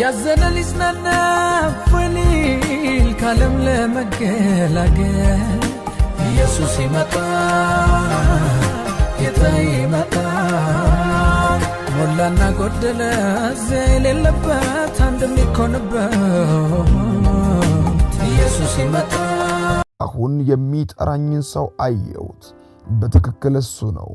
ያዘነ ሊጽናና ፎይሊል ካለም ለመገላገል ኢየሱስ ይመጣ፣ ጌታ ይመጣ። ሞላና ጎደለ እዚያ የሌለበት አንድ የሚኮንበት ኢየሱስ ይመጣ። አሁን የሚጠራኝን ሰው አየሁት፣ በትክክል እሱ ነው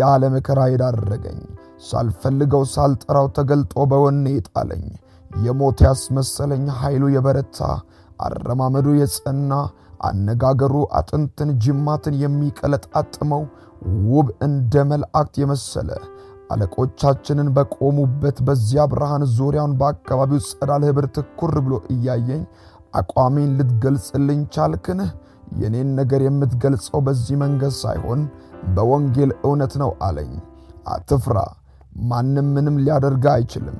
ያለ መከራ የዳረገኝ ሳልፈልገው ሳልጠራው ተገልጦ በወኔ ይጣለኝ የሞት ያስመሰለኝ ኃይሉ የበረታ አረማመዱ የጸና አነጋገሩ አጥንትን ጅማትን የሚቀለጣጥመው ውብ እንደ መልአክት የመሰለ አለቆቻችንን በቆሙበት በዚያ ብርሃን ዙሪያውን በአካባቢው ጸዳል ኅብር ትኩር ብሎ እያየኝ አቋሜን ልትገልጽልኝ ቻልክንህ? የኔን ነገር የምትገልጸው በዚህ መንገድ ሳይሆን በወንጌል እውነት ነው አለኝ። አትፍራ፣ ማንም ምንም ሊያደርግ አይችልም።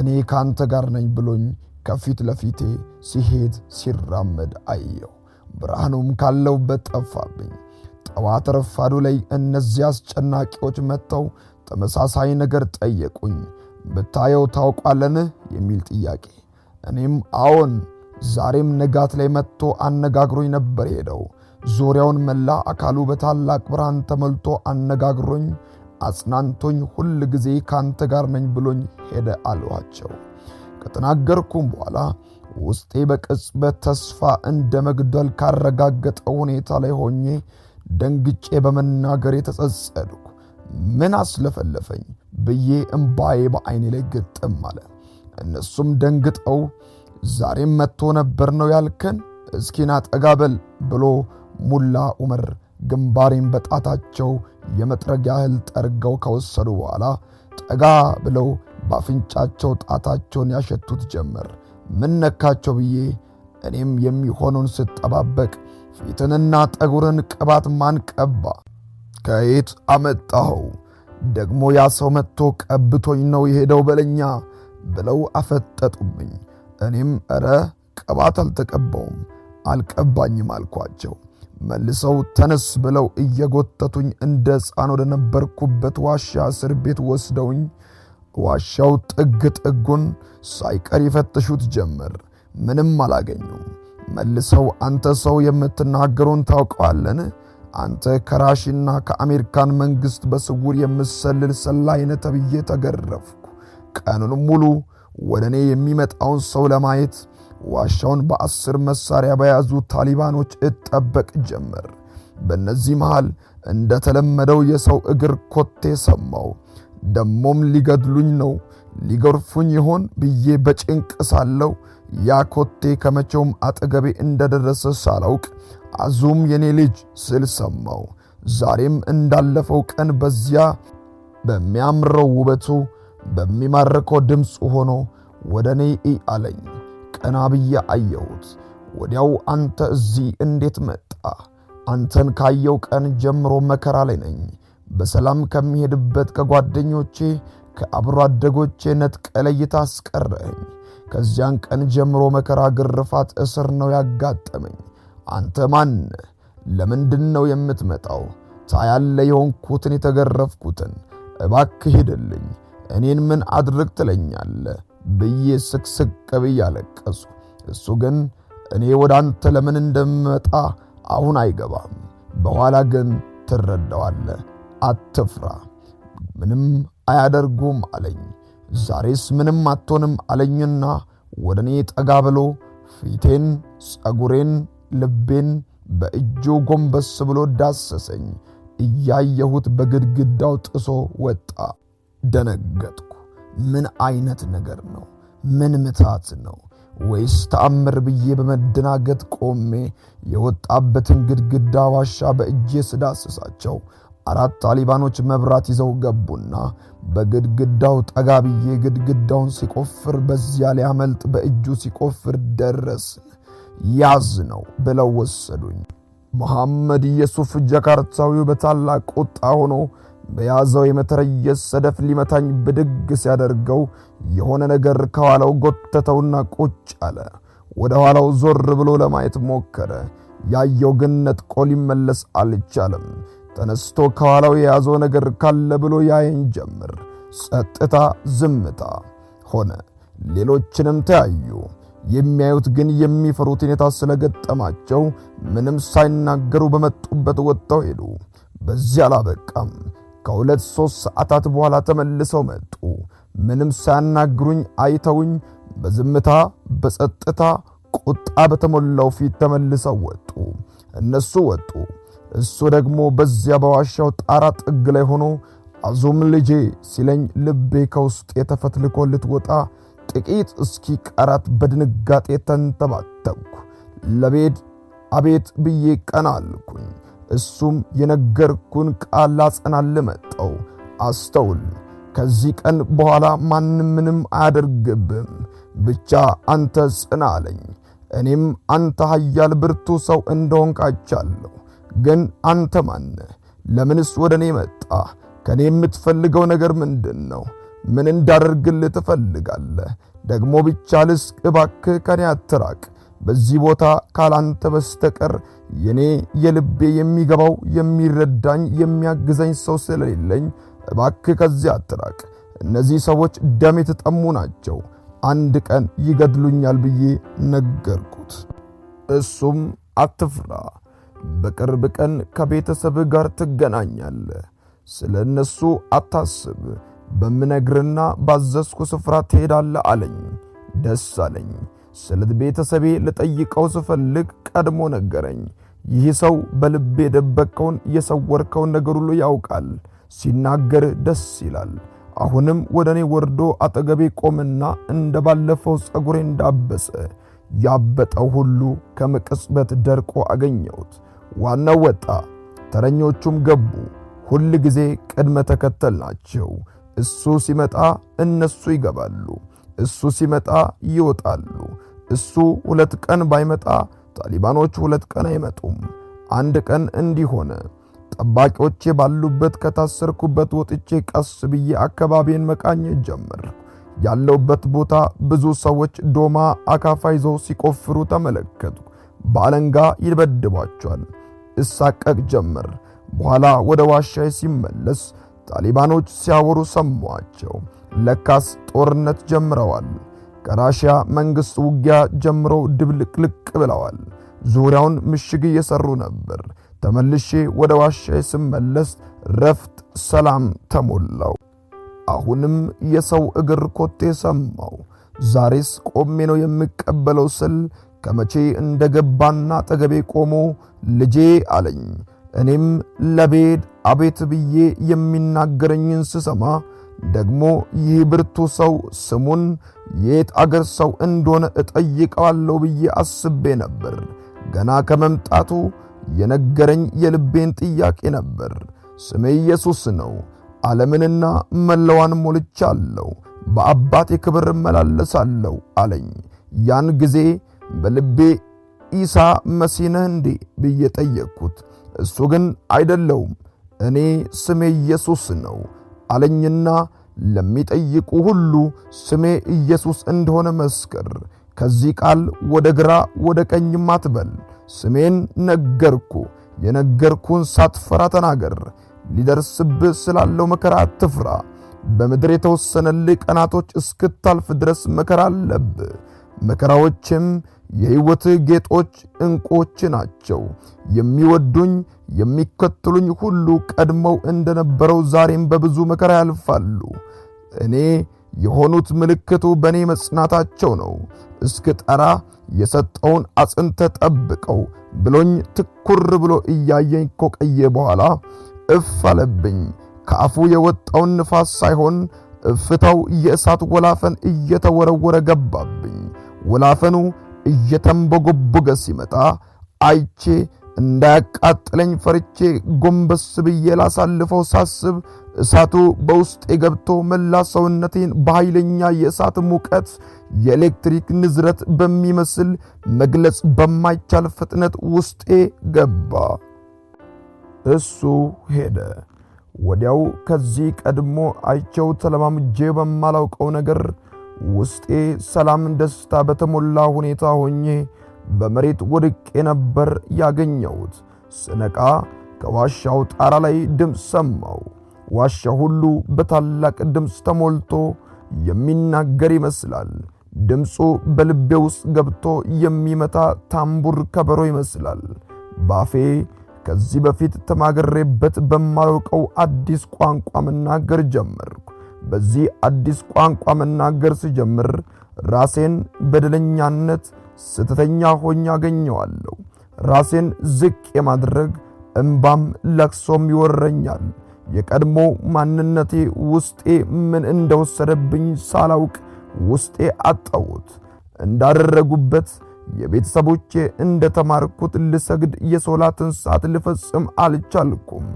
እኔ ካንተ ጋር ነኝ ብሎኝ ከፊት ለፊቴ ሲሄድ ሲራመድ አየው ብርሃኑም ካለውበት ጠፋብኝ። ጠዋት ረፋዱ ላይ እነዚህ አስጨናቂዎች መጥተው ተመሳሳይ ነገር ጠየቁኝ። ብታየው ታውቋለን የሚል ጥያቄ። እኔም አዎን፣ ዛሬም ንጋት ላይ መጥቶ አነጋግሮኝ ነበር። ሄደው ዙሪያውን መላ አካሉ በታላቅ ብርሃን ተሞልቶ አነጋግሮኝ አጽናንቶኝ ሁል ጊዜ ካንተ ጋር ነኝ ብሎኝ ሄደ አልኋቸው። ከተናገርኩም በኋላ ውስጤ በቅጽበት ተስፋ እንደ መግደል ካረጋገጠ ሁኔታ ላይ ሆኜ ደንግጬ በመናገር የተጸጸድኩ ምን አስለፈለፈኝ ብዬ እምባዬ በዐይኔ ላይ ግጥም አለ። እነሱም ደንግጠው ዛሬም መጥቶ ነበር ነው ያልከን? እስኪና ጠጋበል ብሎ ሙላ ዑመር ግንባሬን በጣታቸው የመጥረጊያ እህል ጠርገው ከወሰዱ በኋላ ጠጋ ብለው በአፍንጫቸው ጣታቸውን ያሸቱት ጀመር። ምን ነካቸው ብዬ እኔም የሚሆኑን ስጠባበቅ ፊትንና ጠጉርን ቅባት ማን ቀባ? ከየት አመጣኸው? ደግሞ ያ ሰው መጥቶ ቀብቶኝ ነው የሄደው በለኛ ብለው አፈጠጡብኝ። እኔም እረ ቅባት አልተቀባውም አልቀባኝም አልኳቸው። መልሰው ተነስ ብለው እየጎተቱኝ እንደ ሕፃን ወደ ነበርኩበት ዋሻ እስር ቤት ወስደውኝ ዋሻው ጥግ ጥጉን ሳይቀር ይፈትሹት ጀመር። ምንም አላገኙም። መልሰው አንተ ሰው የምትናገሩን ታውቀዋለን። አንተ ከራሽና ከአሜሪካን መንግሥት በስውር የምሰልል ሰላ ነህ ተብዬ ተገረፍኩ። ቀኑን ሙሉ ወደ እኔ የሚመጣውን ሰው ለማየት ዋሻውን በአስር መሳሪያ በያዙ ታሊባኖች እጠበቅ ጀመር። በእነዚህ መሃል እንደተለመደው የሰው እግር ኮቴ ሰማው። ደሞም ሊገድሉኝ ነው ሊገርፉኝ ይሆን ብዬ በጭንቅ ሳለው ያ ኮቴ ከመቼውም አጠገቤ እንደደረሰ ሳላውቅ አዙም የኔ ልጅ ስል ሰማው። ዛሬም እንዳለፈው ቀን በዚያ በሚያምረው ውበቱ በሚማርከው ድምፁ ሆኖ ወደ እኔ አለኝ። ቀና ብዬ አየሁት። ወዲያው አንተ እዚህ እንዴት መጣ? አንተን ካየው ቀን ጀምሮ መከራ ላይ ነኝ። በሰላም ከሚሄድበት ከጓደኞቼ ከአብሮ አደጎቼ ነጥቅ ለይታ አስቀረኝ። ከዚያን ቀን ጀምሮ መከራ፣ ግርፋት፣ እስር ነው ያጋጠመኝ። አንተ ማን? ለምንድን ነው የምትመጣው? ታያለ የሆንኩትን የተገረፍኩትን። እባክህ ሂድልኝ። እኔን ምን አድርግ ትለኛለህ? ብዬ ስቅስቅ ብዬ አለቀሱ። እሱ ግን እኔ ወደ አንተ ለምን እንደምመጣ አሁን አይገባም፣ በኋላ ግን ትረዳዋለ አትፍራ፣ ምንም አያደርጉም አለኝ። ዛሬስ ምንም አትሆንም አለኝና ወደ እኔ ጠጋ ብሎ ፊቴን፣ ጸጉሬን፣ ልቤን በእጁ ጎንበስ ብሎ ዳሰሰኝ። እያየሁት በግድግዳው ጥሶ ወጣ። ደነገጥኩ። ምን አይነት ነገር ነው? ምን ምታት ነው? ወይስ ተአምር ብዬ በመደናገጥ ቆሜ የወጣበትን ግድግዳ ዋሻ በእጄ ስዳስሳቸው አራት ታሊባኖች መብራት ይዘው ገቡና በግድግዳው ጠጋ ብዬ ግድግዳውን ሲቆፍር በዚያ ሊያመልጥ በእጁ ሲቆፍር ደረስ ያዝ ነው ብለው ወሰዱኝ። መሐመድ የሱፍ ጃካርታዊው በታላቅ ቁጣ ሆኖ በያዘው የመትረየስ ሰደፍ ሊመታኝ ብድግ ሲያደርገው የሆነ ነገር ከኋላው ጎተተውና ቁጭ አለ። ወደ ኋላው ዞር ብሎ ለማየት ሞከረ። ያየው ግን ነጥቆ ሊመለስ አልቻለም። ተነስቶ ከኋላው የያዘው ነገር ካለ ብሎ ያየን ጀምር። ጸጥታ፣ ዝምታ ሆነ። ሌሎችንም ተያዩ። የሚያዩት ግን የሚፈሩት ሁኔታ ስለገጠማቸው ምንም ሳይናገሩ በመጡበት ወጥተው ሄዱ። በዚህ አላበቃም። ከሁለት ሦስት ሰዓታት በኋላ ተመልሰው መጡ። ምንም ሳያናግሩኝ አይተውኝ በዝምታ በጸጥታ ቁጣ በተሞላው ፊት ተመልሰው ወጡ። እነሱ ወጡ። እሱ ደግሞ በዚያ በዋሻው ጣራ ጥግ ላይ ሆኖ አዙም ልጄ ሲለኝ ልቤ ከውስጥ የተፈትልኮ ልትወጣ ጥቂት እስኪ ቀራት በድንጋጤ ተንተባተብኩ። ለቤድ አቤት ብዬ ቀና አልኩኝ። እሱም የነገርኩን ቃል ላጸናል መጣው። አስተውል፣ ከዚህ ቀን በኋላ ማንም ምንም አያደርግብም፣ ብቻ አንተ ጽና አለኝ። እኔም አንተ ኃያል ብርቱ ሰው እንደሆንክ አይቻለሁ። ግን አንተ ማነህ? ለምንስ ወደ እኔ መጣ? ከእኔ የምትፈልገው ነገር ምንድን ነው? ምን እንዳደርግልህ ትፈልጋለህ? ደግሞ ብቻ ልስቅ፣ እባክህ ከኔ አትራቅ። በዚህ ቦታ ካላንተ በስተቀር የኔ የልቤ የሚገባው የሚረዳኝ የሚያግዘኝ ሰው ስለሌለኝ እባክህ ከዚህ አትራቅ። እነዚህ ሰዎች ደም የተጠሙ ናቸው። አንድ ቀን ይገድሉኛል ብዬ ነገርኩት። እሱም አትፍራ፣ በቅርብ ቀን ከቤተሰብ ጋር ትገናኛለህ። ስለ እነሱ አታስብ፣ በምነግርና ባዘዝኩ ስፍራ ትሄዳለህ አለኝ። ደስ አለኝ። ስለ ቤተሰቤ ልጠይቀው ስፈልግ ቀድሞ ነገረኝ። ይህ ሰው በልብ የደበቀውን የሰወርከውን ነገር ሁሉ ያውቃል። ሲናገር ደስ ይላል። አሁንም ወደ እኔ ወርዶ አጠገቤ ቆምና እንደ ባለፈው ጸጉሬ እንዳበሰ ያበጠው ሁሉ ከምቅጽበት ደርቆ አገኘሁት። ዋናው ወጣ፣ ተረኞቹም ገቡ። ሁል ጊዜ ቅድመ ተከተል ናቸው። እሱ ሲመጣ እነሱ ይገባሉ። እሱ ሲመጣ ይወጣሉ። እሱ ሁለት ቀን ባይመጣ ታሊባኖች ሁለት ቀን አይመጡም። አንድ ቀን እንዲሆነ ጠባቂዎቼ ባሉበት ከታሰርኩበት ወጥቼ ቀስ ብዬ አካባቢን መቃኘት ጀመር። ያለውበት ቦታ ብዙ ሰዎች ዶማ፣ አካፋ ይዘው ሲቆፍሩ ተመለከቱ። በአለንጋ ይደበድቧቸዋል። እሳቀቅ ጀመር። በኋላ ወደ ዋሻይ ሲመለስ ታሊባኖች ሲያወሩ ሰማኋቸው። ለካስ ጦርነት ጀምረዋል። ከራሽያ መንግስት ውጊያ ጀምሮ ድብልቅልቅ ብለዋል። ዙሪያውን ምሽግ እየሰሩ ነበር። ተመልሼ ወደ ዋሻዬ ስመለስ ረፍት ሰላም ተሞላው። አሁንም የሰው እግር ኮቴ ሰማው። ዛሬስ ቆሜ ነው የምቀበለው ስል ከመቼ እንደ ገባና አጠገቤ ቆሞ ልጄ አለኝ። እኔም ለቤድ አቤት ብዬ የሚናገረኝን ስሰማ ደግሞ ይህ ብርቱ ሰው ስሙን የት አገር ሰው እንደሆነ እጠይቀዋለሁ ብዬ አስቤ ነበር። ገና ከመምጣቱ የነገረኝ የልቤን ጥያቄ ነበር። ስሜ ኢየሱስ ነው፣ ዓለምንና መለዋን ሞልቻለሁ፣ በአባቴ ክብር እመላለሳለሁ አለኝ። ያን ጊዜ በልቤ ኢሳ መሲነህ እንዴ ብዬ ጠየቅኩት። እሱ ግን አይደለውም፣ እኔ ስሜ ኢየሱስ ነው አለኝና ለሚጠይቁ ሁሉ ስሜ ኢየሱስ እንደሆነ መስክር። ከዚህ ቃል ወደ ግራ ወደ ቀኝም አትበል። ስሜን ነገርኩ፣ የነገርኩን ሳትፈራ ተናገር። ሊደርስብህ ስላለው መከራ አትፍራ። በምድር የተወሰነልህ ቀናቶች እስክታልፍ ድረስ መከራ አለብህ። መከራዎችም የህይወት ጌጦች ዕንቁዎች ናቸው። የሚወዱኝ የሚከተሉኝ ሁሉ ቀድመው እንደነበረው ዛሬም በብዙ መከራ ያልፋሉ። እኔ የሆኑት ምልክቱ በእኔ መጽናታቸው ነው። እስክ ጠራ የሰጠውን አጽንተ ጠብቀው ብሎኝ ትኩር ብሎ እያየኝ ከቆየ በኋላ እፍ አለብኝ። ከአፉ የወጣውን ንፋስ ሳይሆን እፍታው የእሳት ወላፈን እየተወረወረ ገባብኝ። ወላፈኑ እየተንበጎበገ ሲመጣ አይቼ እንዳያቃጥለኝ ፈርቼ ጎንበስ ብዬ ላሳልፈው ሳስብ እሳቱ በውስጤ ገብቶ መላ ሰውነቴን በኃይለኛ የእሳት ሙቀት የኤሌክትሪክ ንዝረት በሚመስል መግለጽ በማይቻል ፍጥነት ውስጤ ገባ። እሱ ሄደ። ወዲያው ከዚህ ቀድሞ አይቼው ተለማምጄ በማላውቀው ነገር ውስጤ ሰላም ደስታ በተሞላ ሁኔታ ሆኜ በመሬት ወድቄ ነበር ያገኘሁት። ስነቃ ከዋሻው ጣራ ላይ ድምፅ ሰማሁ። ዋሻ ሁሉ በታላቅ ድምፅ ተሞልቶ የሚናገር ይመስላል። ድምፁ በልቤ ውስጥ ገብቶ የሚመታ ታምቡር ከበሮ ይመስላል። ባፌ ከዚህ በፊት ተማግሬበት በማላውቀው አዲስ ቋንቋ መናገር ጀመርኩ። በዚህ አዲስ ቋንቋ መናገር ስጀምር ራሴን በደለኛነት ስተተኛ ሆኜ አገኘዋለሁ። ራሴን ዝቅ የማድረግ እምባም ለቅሶም ይወረኛል። የቀድሞ ማንነቴ ውስጤ ምን እንደወሰደብኝ ሳላውቅ ውስጤ አጣሁት። እንዳደረጉበት የቤተሰቦቼ እንደተማርኩት ልሰግድ የሶላትን ሰዓት ልፈጽም አልቻልኩም።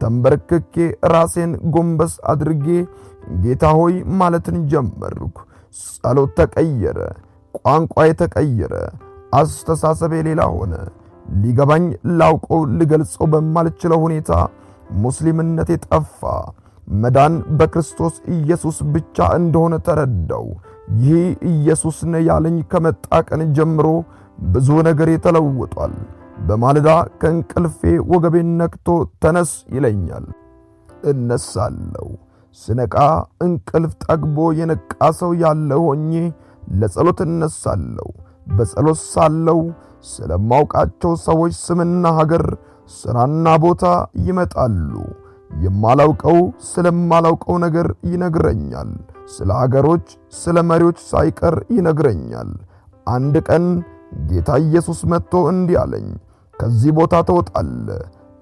ተንበርክኬ ራሴን ጎንበስ አድርጌ ጌታ ሆይ ማለትን ጀመርኩ። ጸሎት ተቀየረ፣ ቋንቋ የተቀየረ፣ አስተሳሰብ የሌላ ሆነ። ሊገባኝ ላውቀው ልገልጸው በማልችለው ሁኔታ ሙስሊምነት የጠፋ መዳን በክርስቶስ ኢየሱስ ብቻ እንደሆነ ተረዳው። ይህ ኢየሱስ ነ ያለኝ ከመጣ ቀን ጀምሮ ብዙ ነገር ተለውጧል። በማለዳ ከእንቅልፌ ወገቤን ነክቶ ተነስ ይለኛል። እነሳለሁ። ስነቃ እንቅልፍ ጠግቦ የነቃ ሰው ያለ ሆኜ ለጸሎት እነሳለሁ። በጸሎት ሳለው ስለማውቃቸው ሰዎች ስምና ሀገር፣ ስራና ቦታ ይመጣሉ። የማላውቀው ስለማላውቀው ነገር ይነግረኛል። ስለ ሀገሮች፣ ስለ መሪዎች ሳይቀር ይነግረኛል። አንድ ቀን ጌታ ኢየሱስ መጥቶ እንዲህ አለኝ፣ ከዚህ ቦታ ተወጣለ!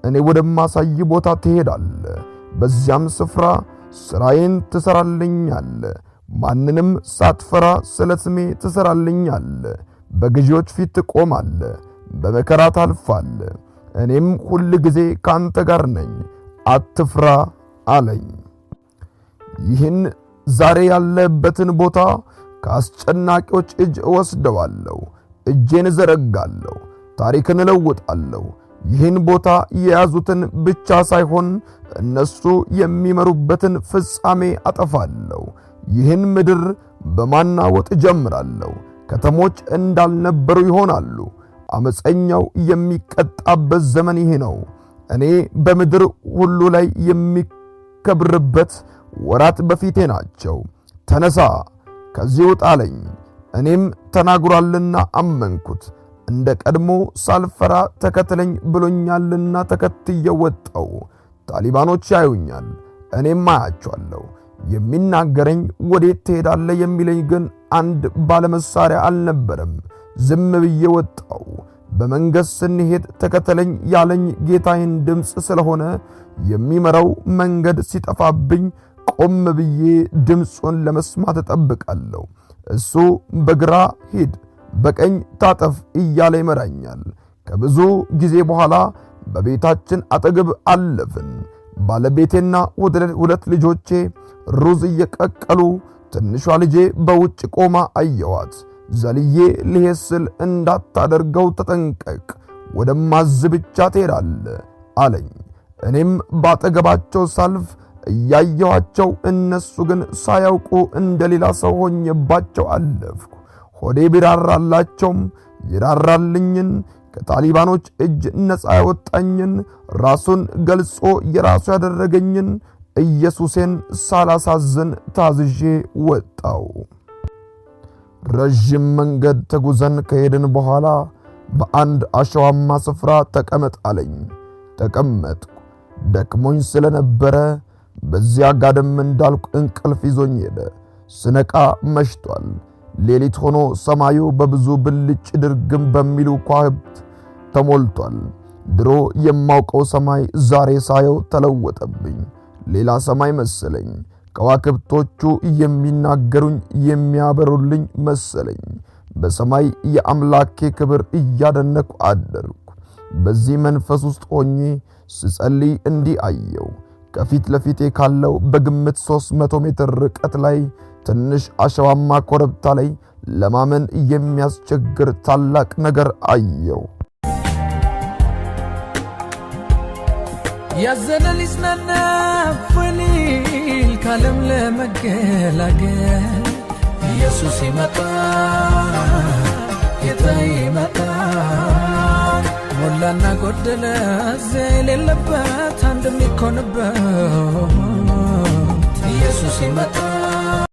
እኔ ወደማሳይ ቦታ ትሄዳለ በዚያም ስፍራ ስራዬን ትሰራልኛል። ማንንም ሳትፈራ ስለ ስሜ ትሰራልኛል። በግዢዎች ፊት ትቆማል፣ በመከራ ታልፋል። እኔም ሁል ጊዜ ካንተ ጋር ነኝ፣ አትፍራ አለኝ። ይህን ዛሬ ያለበትን ቦታ ከአስጨናቂዎች እጅ እወስደዋለሁ። እጄን እዘረጋለሁ፣ ታሪክን እለውጣለሁ። ይህን ቦታ የያዙትን ብቻ ሳይሆን እነሱ የሚመሩበትን ፍጻሜ አጠፋለሁ። ይህን ምድር በማናወጥ ጀምራለሁ። ከተሞች እንዳልነበሩ ይሆናሉ። አመፀኛው የሚቀጣበት ዘመን ይሄ ነው። እኔ በምድር ሁሉ ላይ የሚከብርበት ወራት በፊቴ ናቸው። ተነሳ ከዚህ ውጣ እኔም ተናግሯልና አመንኩት። እንደ ቀድሞ ሳልፈራ ተከተለኝ ብሎኛልና ተከትዬ ወጣው። ታሊባኖች ያዩኛል፣ እኔም አያቸዋለሁ። የሚናገረኝ ወዴት ትሄዳለህ የሚለኝ ግን አንድ ባለመሳሪያ አልነበረም። ዝም ብዬ ወጣው። በመንገድ ስንሄድ ተከተለኝ ያለኝ ጌታዬን ድምፅ ስለሆነ የሚመራው መንገድ ሲጠፋብኝ ቆም ብዬ ድምፁን ለመስማት እጠብቃለሁ። እሱ በግራ ሂድ በቀኝ ታጠፍ እያለ ይመራኛል። ከብዙ ጊዜ በኋላ በቤታችን አጠገብ አለፍን። ባለቤቴና ሁለት ልጆቼ ሩዝ እየቀቀሉ፣ ትንሿ ልጄ በውጭ ቆማ አየዋት። ዘልዬ ልሄድ ስል እንዳታደርገው ተጠንቀቅ፣ ወደማዝ ብቻ ትሄዳለህ አለኝ። እኔም ባጠገባቸው ሳልፍ እያየኋቸው፣ እነሱ ግን ሳያውቁ እንደሌላ ሰው ሆኜባቸው አለፍኩ። ሆዴ ቢራራላቸውም ይራራልኝን ከታሊባኖች እጅ ነፃ ያወጣኝን ራሱን ገልጾ የራሱ ያደረገኝን ኢየሱሴን ሳላሳዝን ታዝዤ ወጣው። ረዥም መንገድ ተጉዘን ከሄድን በኋላ በአንድ አሸዋማ ስፍራ ተቀመጥ አለኝ። ተቀመጥኩ። ደክሞኝ ስለነበረ በዚያ ጋደም እንዳልኩ እንቅልፍ ይዞኝ ሄደ። ስነቃ መሽቷል። ሌሊት ሆኖ ሰማዩ በብዙ ብልጭ ድርግም በሚሉ ከዋክብት ተሞልቷል። ድሮ የማውቀው ሰማይ ዛሬ ሳየው ተለወጠብኝ። ሌላ ሰማይ መሰለኝ። ከዋክብቶቹ የሚናገሩኝ የሚያበሩልኝ መሰለኝ። በሰማይ የአምላኬ ክብር እያደነኩ አደርኩ። በዚህ መንፈስ ውስጥ ሆኜ ስጸልይ እንዲህ አየው። ከፊት ለፊቴ ካለው በግምት 300 ሜትር ርቀት ላይ ትንሽ አሸዋማ ኮረብታ ላይ ለማመን የሚያስቸግር ታላቅ ነገር አየው። ያዘነ ሊጽናና ፈሊል ካለም ለመገላገል ኢየሱስ ይመጣ፣ ጌታ ይመጣ። ሞላና ጎደለ የሌለበት አንድ የሚኮንበት ኢየሱስ ይመጣ